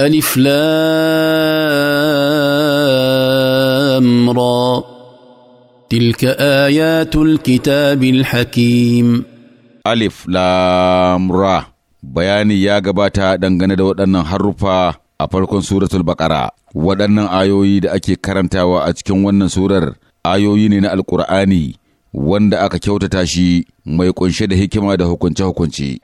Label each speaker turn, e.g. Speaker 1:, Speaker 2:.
Speaker 1: ألف لام را
Speaker 2: تلك آيات الكتاب الحكيم ألف لام را bayani ya gabata dangane da waɗannan haruffa a farkon suratul baƙara waɗannan ayoyi da ake karantawa a cikin wannan surar ayoyi ne na alƙur'ani wanda aka kyautata shi mai ƙunshe da hikima
Speaker 3: da hukunce-hukunce